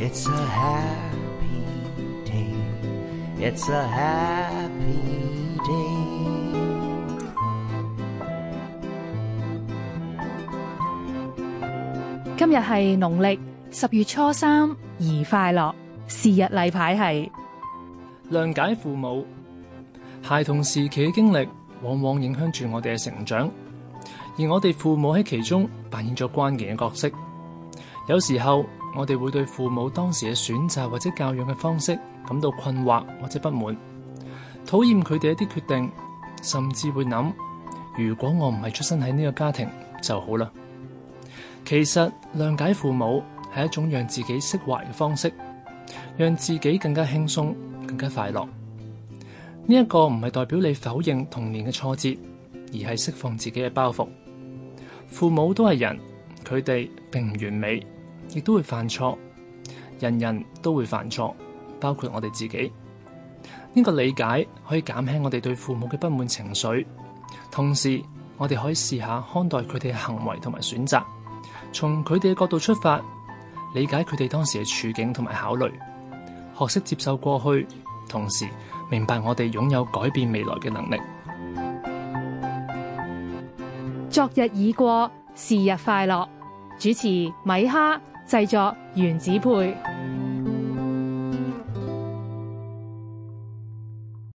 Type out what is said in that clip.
It's a happy day. It's a happy day. 今日係農曆十月初三，宜快樂。是日例牌係諒解父母。孩童時期嘅經歷，往往影響住我哋嘅成長，而我哋父母喺其中扮演咗關鍵嘅角色。有時候，我哋會對父母當時嘅選擇或者教養嘅方式感到困惑或者不滿，討厭佢哋一啲決定，甚至會諗：如果我唔係出生喺呢個家庭就好啦。其實諒解父母係一種讓自己釋懷嘅方式，讓自己更加輕鬆、更加快樂。呢一個唔係代表你否認童年嘅挫折，而係釋放自己嘅包袱。父母都係人，佢哋並唔完美。亦都會犯錯，人人都會犯錯，包括我哋自己。呢個理解可以減輕我哋對父母嘅不滿情緒，同時我哋可以試下看待佢哋嘅行為同埋選擇，從佢哋嘅角度出發，理解佢哋當時嘅處境同埋考慮，學識接受過去，同時明白我哋擁有改變未來嘅能力。昨日已過，是日快樂。主持米哈。製作原子配。